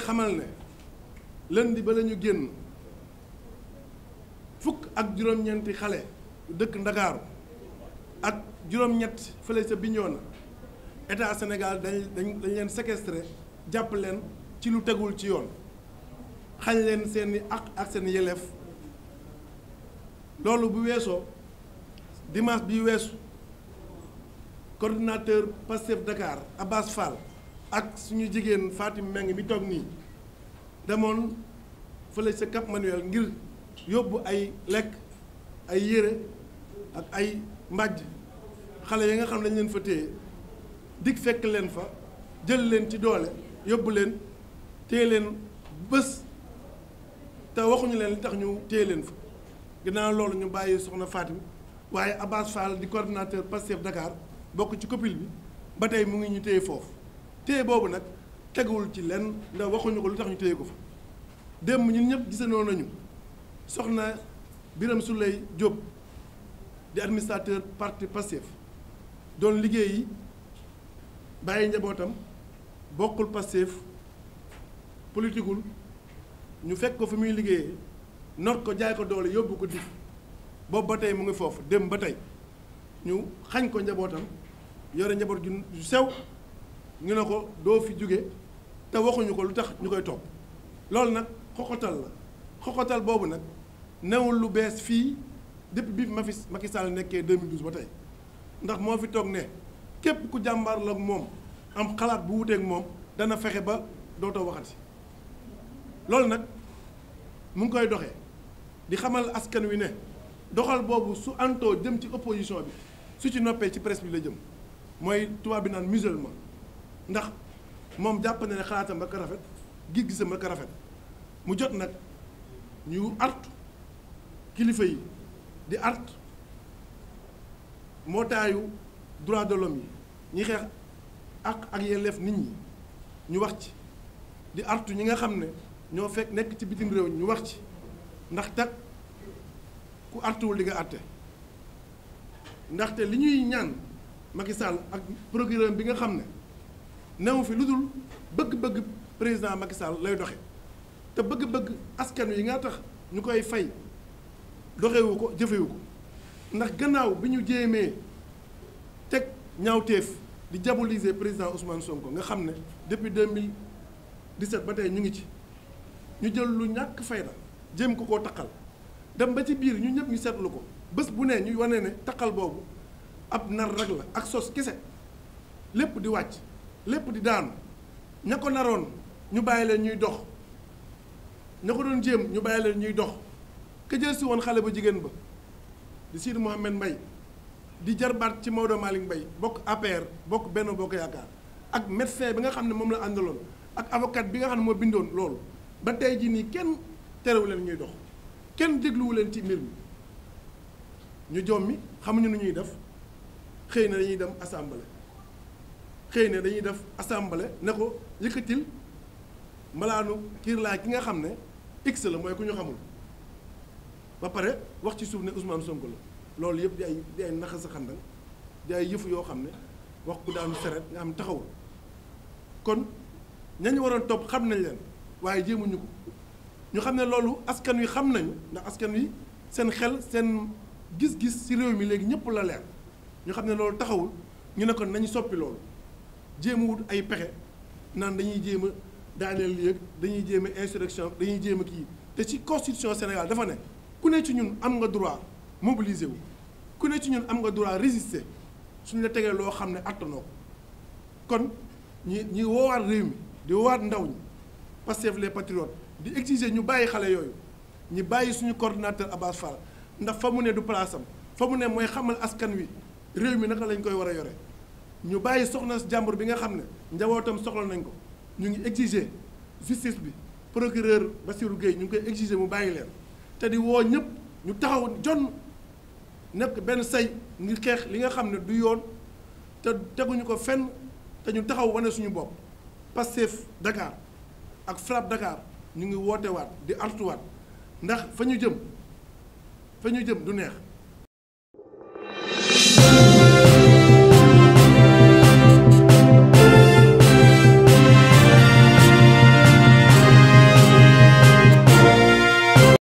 xamal ne lundi ba la ñu génn fukk ak juróom-ñeenti xale yu dëkk Ndakaaru ak juróom-ñett fële ca Bignona état Sénégal dañ dañ dañ leen sekestre jàpp leen ci lu tegul ci yoon xañ leen seeni àq ak seen yeleef loolu bu weesoo dimanche bi weesu coordinateur Pastef Dakar Abbas Fall ak suñu jigéen Fatim Meng mi toog nii demoon fële sa Cap Manuel ngir yóbbu ay lekk ay yére ak ay mbàjj xale yi nga xam ne dañ leen fa téye dig fekk leen fa jël leen ci doole yóbbu leen téye leen bés te waxuñu leen li tax ñu téye leen fa ginnaaw loolu ñu bàyyi soxna Fatim waaye Abbas Fall di coordinateur Pastef Dakar bokk ci copil bi ba tey mu ngi ñu téye foofu téye boobu nag teguwul ci lenn ndax waxuñu ko lu tax ñu téye ko fa démb ñun ñëpp gisandoo nañu soxna Birame Souleye Diop di administrateur parti Pastef doon liggéey yi bàyyi njabootam bokkul Pastef politikul ñu fekk ko fi muy liggéeyee not ko jaay ko doole yóbbu ko dig boobu ba tey mu ngi foofu démb ba tey ñu xañ ko njabootam yore njaboot ju sew ñu ne ko doo fi jóge te waxuñu ko lu tax ñu koy topp loolu nag xoxotal la xoxotal boobu nag newul lu bees fii dëpp bi ma fi Macky Sall nekkee 2012 ba tey ndax moo fi toog ne képp ku jàmbaar la ak moom am xalaat bu wuteek moom dana fexe ba dootoo waxati loolu nag mu ngi koy doxe di xamal askan wi ne doxal boobu su antoo jëm ci opposition bi su ci noppee ci presse bi la jëm mooy tubaab bi naan musulman ndax moom jàpp na ne xalaatam rek a rafet gis-gisam rek rafet mu jot nag ñu artu kilifa yi di artu mbootaayu droit de l'homme yi ñu xeex ak ak yelleef nit ñi ñu wax ci di artu ñi nga xam ne ñoo fekk nekk ci bitim réew ñu wax ci ndax tak ku artuwul di nga àtte ndaxte li ñuy ñaan Macky Sall ak programme bi nga xam ne newu fi lu dul bëgg-bëgg président Macky Sall lay doxe te bëgg-bëgg askan yi nga tax ñu koy fay doxewu ko jëfewu ko ndax gannaaw bi ñu jéemee teg ñaawteef di diaboliser président Ousmane Sonko nga xam ne depuis 2017 ba tey ñu ngi ci ñu jël lu ñàkk fayda jéem ko koo taqal dem ba ci biir ñu ñëpp ñu seetlu ko bés bu nee ñu wanee ne taqal boobu ab nar rek la ak sos kese lépp di wàcc lépp di daanu ña ko naroon ñu bàyyi leen ñuy dox ña ko doon jéem ñu bàyyi leen ñuy dox ka si woon xale bu jigéen ba di Sidi Mouhamed mbay di jarbaat ci Maodo Malick Mbaye bokk APR bokk benn Bokk Yaakaar ak médecin bi nga xam ne moom la àndaloon ak avocat bi nga xam ne moo bindoon loolu ba tey jii nii kenn terewu leen ñuy dox kenn dégluwu leen ci mbir mi ñu jommi xamuñu nu ñuy def xëy na dañuy dem assemblée. xëy na dañuy def assemblée ne ko yëkkatil malaanu kiirlaa ki nga xam ne x la mooy ku ñu xamul ba pare wax ci suuf ne Ousmane Sonko la loolu yëpp di ay di ay naxa sa di ay yëfu yoo xam ne wax ku daanu seret nga xam taxawul kon ñañu waroon topp xam nañ leen waaye jéemuñu ko ñu xam ne loolu askan wi xam nañu ndax askan wi seen xel seen gis-gis ci réew mi léegi ñëpp la leer ñu xam ne loolu taxawul ñu ne kon nañu soppi loolu jéem a wut ay pexe naan dañuy jéem a daaneel yëg dañuy jéem a insurrection dañuy jéem a kii te ci constitution Sénégal dafa ne ku ne ci ñun am nga droit mobiliser wu ku ne ci ñun am nga droit résister suñu la tegee loo xam ne attanoo ko kon ñi ñi woowaat réew mi di wowaat ndaw ñi Pastef les patriotes di exiger ñu bàyyi xale yooyu ñu bàyyi suñu coordinateur Abass Fall ndax fa mu ne du place am fa mu ne mooy xamal askan wi réew mi naka lañ koy war a yore ñu bàyyi soxna jàmbur bi nga xam ne njabootam soxla nañ ko ñu ngi exiger justice bi procureur Bassirou Gueye ñu ngi koy exiger mu bàyyi leen te di woo ñëpp ñu taxaw jonn nekk benn say ngir xeex li nga xam ne du yoon te teguñu ko fenn te ñu taxaw wane suñu bopp Pastef Dakar ak FRAPP Dakar ñu ngi wootewaat di artuwaat ndax fa ñu jëm fa ñu jëm du neex